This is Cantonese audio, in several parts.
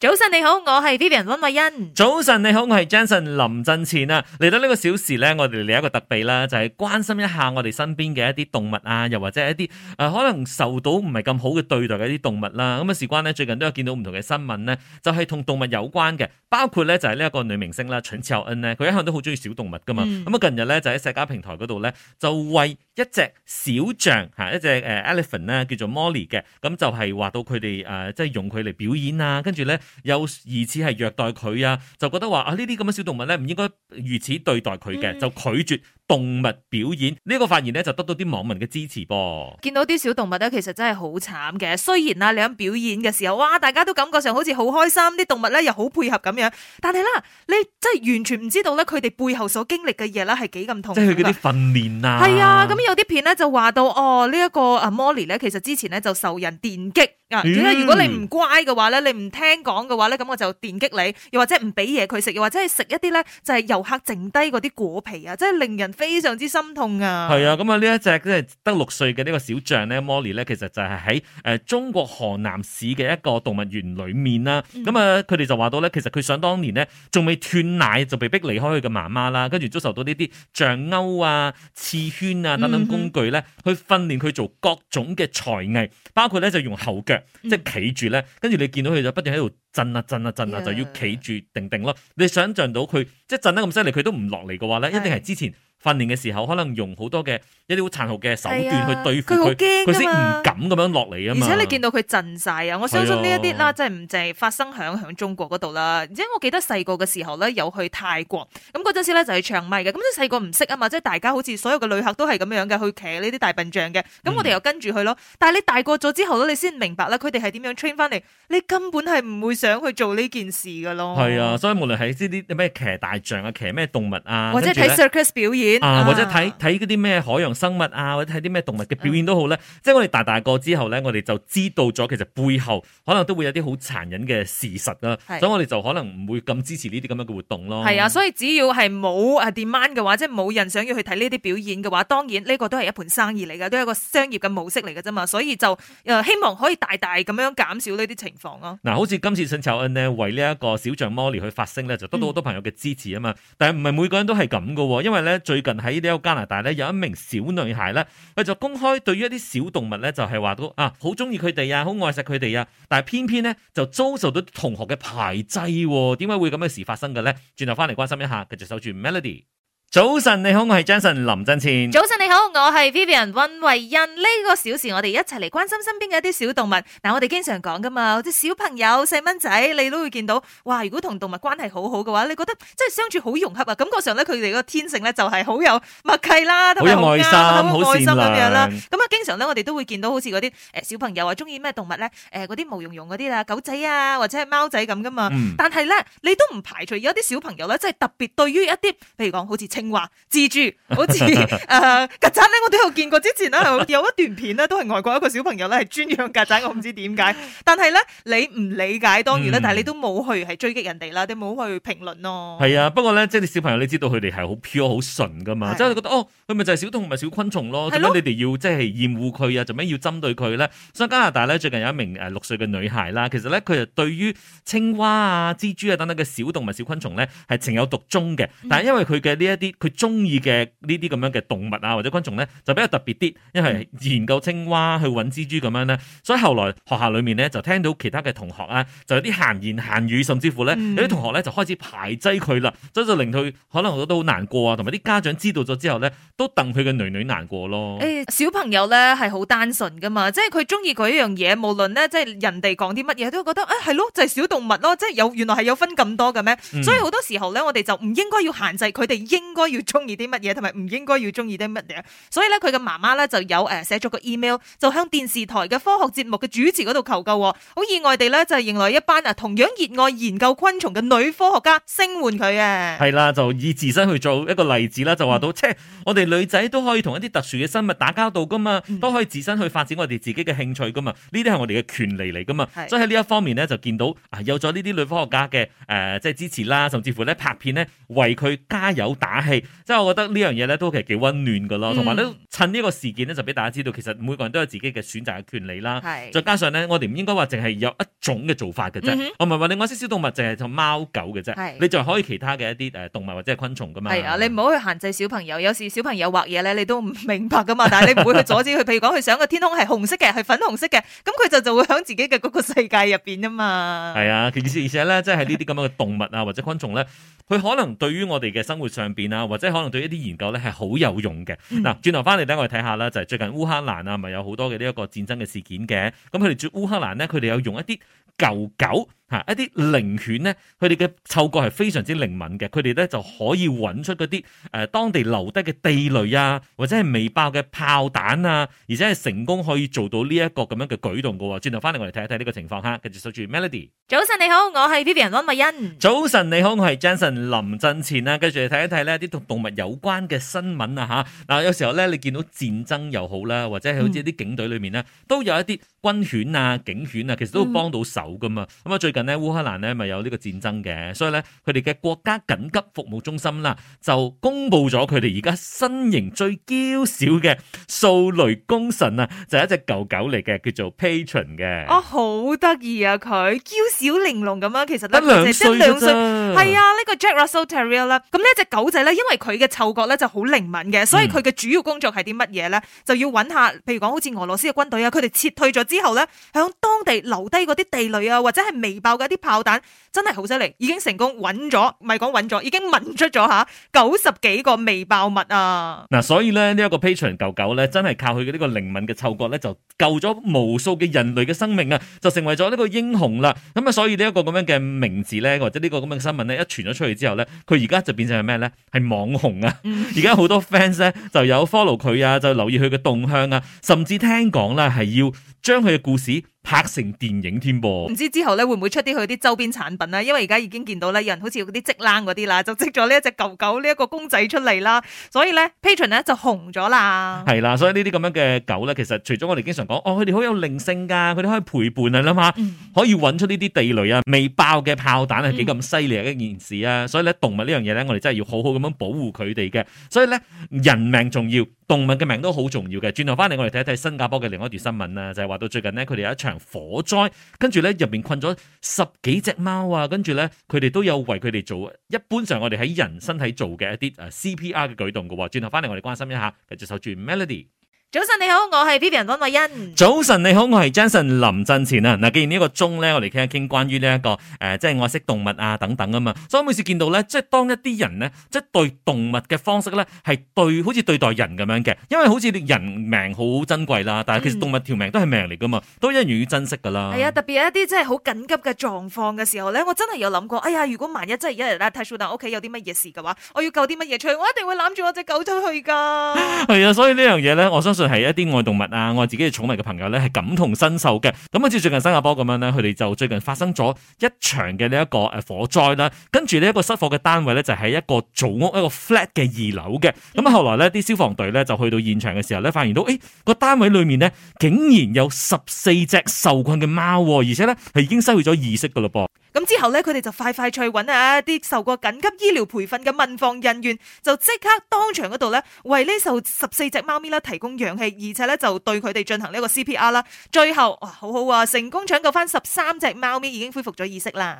早晨你好，我係 Vivian 溫慧欣。早晨你好，我係 Janson 林振賢啊。嚟到呢個小時咧，我哋嚟一個特別啦，就係、是、關心一下我哋身邊嘅一啲動物啊，又或者一啲誒、呃、可能受到唔係咁好嘅對待嘅一啲動物啦。咁啊，事關咧最近都有見到唔同嘅新聞咧，就係、是、同動物有關嘅，包括咧就係呢一個女明星啦蠢俏恩。n 咧，佢一向都好中意小動物噶嘛。咁啊、嗯，近日咧就喺社交平台嗰度咧，就為一隻小象吓，一隻誒 elephant 咧叫做 Molly 嘅，咁就係話到佢哋誒即係用佢嚟表演啊，跟住咧。有疑似係虐待佢啊，就覺得話啊，呢啲咁嘅小動物咧唔應該如此對待佢嘅，就拒絕。動物表演呢，這個發言咧就得到啲網民嘅支持噃，見到啲小動物咧其實真係好慘嘅。雖然啊，你喺表演嘅時候，哇，大家都感覺上好似好開心，啲動物咧又好配合咁樣。但係啦，你真係完全唔知道咧，佢哋背後所經歷嘅嘢，咧係幾咁痛。即係佢啲訓練啊，係啊。咁有啲片咧就話到，哦，這個，呢一個阿莫莉咧，其實之前咧就受人電擊啊。嗯，如果你唔乖嘅話咧，你唔聽講嘅話咧，咁我就電擊你，又或者唔俾嘢佢食，又或者係食一啲咧就係遊客剩低嗰啲果皮啊，即係令人。非常之心痛啊！係啊，咁啊呢一隻即係得六歲嘅呢個小象咧，Molly 咧，其實就係喺誒中國河南市嘅一個動物園裏面啦。咁啊，佢哋就話到咧，其實佢想當年咧仲未斷奶就被逼離開佢嘅媽媽啦，跟住遭受到呢啲象鈎啊、刺圈啊等等工具咧去訓練佢做各種嘅才藝，包括咧就用後腳即係企住咧，跟住你見到佢就不斷喺度震啊震啊震啊，就要企住定定咯。你想象到佢即係震得咁犀利，佢都唔落嚟嘅話咧，一定係之前。訓練嘅時候，可能用好多嘅一啲好殘酷嘅手段、啊、去對付佢，好驚，佢先唔敢咁樣落嚟啊。而且你見到佢震晒啊。我相信呢一啲啦，即係唔淨係發生響響中國嗰度啦。而且、啊、我記得細個嘅時候咧，有去泰國咁嗰陣時咧就係長咪嘅。咁你細個唔識啊嘛，即係大家好似所有嘅旅客都係咁樣嘅，去騎呢啲大笨象嘅。咁我哋又跟住去咯。嗯、但係你大個咗之後咧，你先明白咧，佢哋係點樣 train 翻嚟，你根本係唔會想去做呢件事噶咯。係啊，所以無論係呢啲咩騎大象啊，騎咩動物啊，或者睇 circus 表演。啊，或者睇睇嗰啲咩海洋生物啊，或者睇啲咩動物嘅表演都好咧。嗯、即係我哋大大個之後咧，我哋就知道咗其實背後可能都會有啲好殘忍嘅事實啊。是所以我哋就可能唔會咁支持呢啲咁樣嘅活動咯、啊。係啊，所以只要係冇啊 demand 嘅話，即係冇人想要去睇呢啲表演嘅話，當然呢個都係一盤生意嚟嘅，都係一個商業嘅模式嚟嘅啫嘛。所以就誒希望可以大大咁樣減少呢啲情況咯、啊。嗱、嗯，好似今次信籌恩咧為呢一個小象 Molly 去發聲咧，就得到好多朋友嘅支持啊嘛。嗯、但係唔係每個人都係咁噶，因為咧最最近喺呢個加拿大咧，有一名小女孩咧，佢就公開對於一啲小動物咧，就係話都啊好中意佢哋啊，好愛錫佢哋啊，但係偏偏咧就遭受到同學嘅排擠，點解會咁嘅事發生嘅咧？轉頭翻嚟關心一下，繼續守住 Melody。早晨，你好，我係 Jason 林振倩。早晨，你好，我係 Vivian 溫慧欣。呢、這個小時我哋一齊嚟關心身邊嘅一啲小動物。嗱、啊，我哋經常講噶嘛，啲小朋友細蚊仔，你都會見到，哇！如果同動物關係好好嘅話，你覺得即係相處好融洽啊？感覺上咧，佢哋個天性咧就係好有默契啦，同埋好愛心、好愛心咁樣啦。咁啊，經常咧我哋都會見到好似嗰啲誒小朋友啊，中意咩動物咧？誒、呃，嗰啲毛茸茸嗰啲啊狗仔啊，或者係貓仔咁噶嘛。嗯、但係咧，你都唔排除有一啲小朋友咧，即係特別對於一啲，譬如講好似。青蛙、蜘蛛，好似誒曱甴咧，我都有見過。之前咧有一段片咧，都係外國一個小朋友咧係專養曱甴，我唔知點解。但係咧，你唔理解當然啦，嗯、但係你都冇去係追擊人哋啦，你冇、嗯、去評論咯、哦。係啊，不過咧，即係啲小朋友你知道佢哋係好 pure 好純噶嘛，即係、啊、覺得哦，佢咪就係小動物、小昆蟲咯。點解你哋要即係厭惡佢啊？做咩要針對佢咧？所以加拿大咧最近有一名誒六歲嘅女孩啦，其實咧佢係對於青蛙啊、蜘蛛啊等等嘅小動物、小昆蟲咧係情有獨鍾嘅，但係因為佢嘅呢一啲。佢中意嘅呢啲咁樣嘅動物啊或者昆蟲咧就比較特別啲，因為研究青蛙去搵蜘蛛咁樣咧，所以後來學校裏面咧就聽到其他嘅同學啊就有啲閒言閒語，甚至乎咧、嗯、有啲同學咧就開始排擠佢啦，所以就令佢可能我覺得都好難過啊，同埋啲家長知道咗之後咧都戥佢嘅囡囡難過咯。誒、欸，小朋友咧係好單純噶嘛，即係佢中意佢一樣嘢，無論咧即係人哋講啲乜嘢，都覺得啊係、哎、咯就係、是、小動物咯，即係有原來係有分咁多嘅咩？所以好多時候咧我哋就唔應該要限制佢哋應。該要中意啲乜嘢，同埋唔應該要中意啲乜嘢，所以咧佢嘅媽媽咧就有誒寫咗個 email，就向電視台嘅科學節目嘅主持嗰度求救喎。好意外地咧就迎來一班啊同樣熱愛研究昆蟲嘅女科學家聲援佢啊。係啦，就以自身去做一個例子啦，就話到、嗯、即我哋女仔都可以同一啲特殊嘅生物打交道噶嘛，都可以自身去發展我哋自己嘅興趣噶嘛，呢啲係我哋嘅權利嚟噶嘛。的所以喺呢一方面咧就見到啊有咗呢啲女科學家嘅誒即係支持啦，甚至乎咧拍片呢，為佢加油打。即係、hey，我覺得呢樣嘢咧都其實幾溫暖噶咯，同埋都趁呢個事件咧就俾大家知道，其實每個人都有自己嘅選擇嘅權利啦。是再加上咧，我哋唔應該話淨係有一種嘅做法嘅啫。嗯、哼我唔係話你愛惜小動物，淨係就貓狗嘅啫。是你就可以其他嘅一啲誒動物或者係昆蟲噶嘛。係啊，你唔好去限制小朋友。有時小朋友畫嘢咧，你都唔明白噶嘛。但係你唔會去阻止佢。譬 如講佢想個天空係紅色嘅，係粉紅色嘅，咁佢就就會響自己嘅嗰個世界入邊啊嘛。係啊，而且而且咧，即係呢啲咁樣嘅動物啊或者昆蟲咧，佢可能對於我哋嘅生活上邊啊。啊，或者可能對一啲研究咧係好有用嘅。嗱、嗯，轉頭翻嚟咧，我哋睇下啦，就係、是、最近烏克蘭啊，咪有好多嘅呢一個戰爭嘅事件嘅。咁佢哋住烏克蘭咧，佢哋有用一啲舊狗。嚇一啲靈犬咧，佢哋嘅嗅覺係非常之靈敏嘅，佢哋咧就可以揾出嗰啲誒當地留低嘅地雷啊，或者係未爆嘅炮彈啊，而且係成功可以做到呢一個咁樣嘅舉動㗎。轉頭翻嚟，我哋睇一睇呢個情況嚇。跟住守住 Melody。早晨你好，我係 Vivian 羅蜜恩。早晨你好，我係 Jason 林振前啊。住看看跟住嚟睇一睇呢啲同動物有關嘅新聞啊嚇。嗱、呃、有時候咧，你見到戰爭又好啦，或者係好似啲警隊裏面咧，都有一啲軍犬啊、警犬啊，其實都幫到手噶嘛。咁啊最咧烏克蘭咧咪有呢個戰爭嘅，所以咧佢哋嘅國家緊急服務中心啦，就公布咗佢哋而家身形最嬌小嘅掃雷功臣啊，就係、一隻狗狗嚟嘅，叫做 Patron 嘅。哦、啊，好得意啊！佢嬌小玲瓏咁樣，其實都兩歲啦。係啊，呢個 Jack Russell Terrier 啦。咁呢隻狗仔咧，因為佢嘅嗅覺咧就好靈敏嘅，所以佢嘅主要工作係啲乜嘢咧？嗯、就要揾下，譬如講好似俄羅斯嘅軍隊啊，佢哋撤退咗之後咧，喺當地留低嗰啲地雷啊，或者係未爆嘅啲炮彈真係好犀利，已經成功揾咗，咪係講揾咗，已經聞出咗吓，九十幾個未爆物啊！嗱，所以咧呢一個 Patron 狗狗咧，真係靠佢嘅呢個靈敏嘅嗅覺咧，就救咗無數嘅人類嘅生命啊，就成為咗呢個英雄啦。咁啊，所以呢一個咁樣嘅名字咧，或者呢個咁樣嘅新聞咧，一傳咗出去之後咧，佢而家就變成係咩咧？係網紅啊！而家好多 fans 咧就有 follow 佢啊，就留意佢嘅動向啊，甚至聽講咧係要。將佢嘅故事拍成電影添噃，唔知之後咧會唔會出啲佢啲周邊產品咧？因為而家已經見到咧，有人好似嗰啲織冷嗰啲啦，就織咗呢一隻狗狗呢一個公仔出嚟啦。所以咧，Patron 咧就紅咗啦。係啦，所以呢啲咁樣嘅狗咧，其實除咗我哋經常講，哦，佢哋好有靈性噶，佢哋可以陪伴啊，諗下、嗯、可以揾出呢啲地雷啊、未爆嘅炮彈係幾咁犀利嘅一件事啊。所以咧，動物呢樣嘢咧，我哋真係要好好咁樣保護佢哋嘅。所以咧，人命重要。動物嘅名都好重要嘅，轉頭翻嚟我哋睇一睇新加坡嘅另外一段新聞啦，就係話到最近咧，佢哋有一場火災，跟住咧入邊困咗十幾隻貓啊，跟住咧佢哋都有為佢哋做，一般上我哋喺人身體做嘅一啲誒 CPR 嘅舉動噶轉頭翻嚟我哋關心一下，繼續守住 Melody。Mel 早晨你好，我係 Vivian 安慧欣。早晨你好，我係 Jensen 林振前啊嗱，既然個鐘呢個鐘咧，我哋傾一傾關於呢一個誒、呃，即係愛惜動物啊等等啊嘛，所以我每次見到咧，即係當一啲人咧，即係對動物嘅方式咧，係對好似對待人咁樣嘅，因為好似人命好珍貴啦，但係其實動物條命都係命嚟噶嘛，嗯、都應予以珍惜噶啦。係啊，特別一啲即係好緊急嘅狀況嘅時候咧，我真係有諗過，哎呀，如果萬一真係有人拉太粗但係屋企有啲乜嘢事嘅話，我要救啲乜嘢出嚟，我一定會攬住我隻狗出去噶。係 啊，所以呢樣嘢咧，我相信。就係一啲愛動物啊、愛自己嘅寵物嘅朋友咧，係感同身受嘅。咁好似最近新加坡咁樣咧，佢哋就最近發生咗一場嘅呢一個誒火災啦。跟住呢一個失火嘅單位咧，就喺一個組屋一個 flat 嘅二樓嘅。咁啊，後來咧，啲消防隊咧就去到現場嘅時候咧，發現到誒個、欸、單位裏面呢，竟然有十四隻受困嘅貓，而且呢，係已經失去咗意識噶咯噃。咁之後呢，佢哋就快快趣揾啊啲受過緊急醫療培訓嘅民防人員，就即刻當場嗰度咧為呢受十四隻貓咪啦提供藥。氧氣，而且咧就對佢哋進行呢個 CPR 啦。最後哇，好好啊，成功搶救翻十三隻貓咪，已經恢復咗意識啦。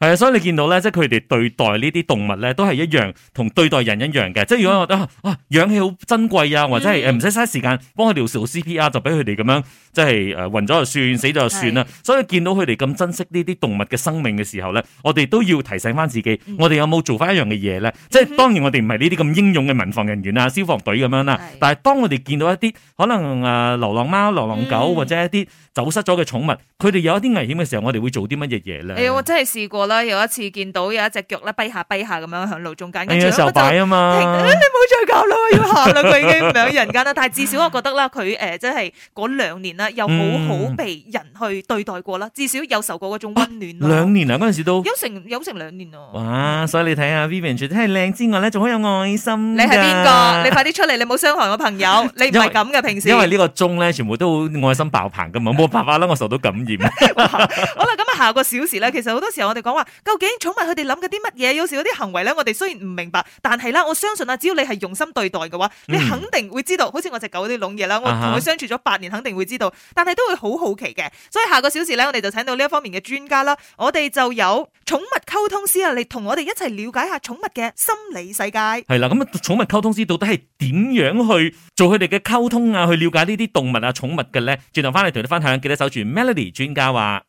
係啊，所以你見到咧，即係佢哋對待呢啲動物咧，都係一樣，同對待人一樣嘅。即係如果覺得哇，氧氣好珍貴啊，或者係誒唔使嘥時間幫佢哋做 CPR，就俾佢哋咁樣。即係誒暈咗就算，死咗就算啦。所以見到佢哋咁珍惜呢啲動物嘅生命嘅時候咧，我哋都要提醒翻自己，我哋有冇做翻一樣嘅嘢咧？即係當然我哋唔係呢啲咁英勇嘅民防人員啊、消防隊咁樣啦。但係當我哋見到一啲可能誒流浪貓、流浪狗或者一啲走失咗嘅寵物，佢哋有一啲危險嘅時候，我哋會做啲乜嘢嘢咧？誒，我真係試過啦，有一次見到有一隻腳咧跛下跛下咁樣喺路中間，因為受擺啊嘛，誒你冇再搞啦，我要行啦，佢已經唔喺人間啦。但係至少我覺得啦，佢誒真係嗰兩年啦。又好好被人去對待過啦，至少有受過嗰種溫暖。兩年啊，嗰陣時都有成有成兩年哦。哇！所以你睇下 Vivian 除咗係靚之外咧，仲可以有愛心。你係邊個？你快啲出嚟！你冇傷害我朋友。你唔係咁嘅平時。因為呢個鐘咧，全部都愛心爆棚噶嘛，冇辦法啦，我受到感染。好啦，咁啊，下個小時咧，其實好多時候我哋講話，究竟寵物佢哋諗緊啲乜嘢？有時有啲行為咧，我哋雖然唔明白，但係咧，我相信啊，只要你係用心對待嘅話，你肯定會知道。好似我隻狗啲籠嘢啦，我同佢相處咗八年，肯定會知道。但係都會好好奇嘅，所以下個小時咧，我哋就請到呢一方面嘅專家啦。我哋就有寵物溝通師啊，嚟同我哋一齊了解下寵物嘅心理世界。係啦、嗯，咁、嗯、啊，寵物溝通師到底係點樣去做佢哋嘅溝通啊？去了解呢啲動物啊，寵物嘅咧？轉頭翻嚟同你分享，記得守住 Melody 專家話。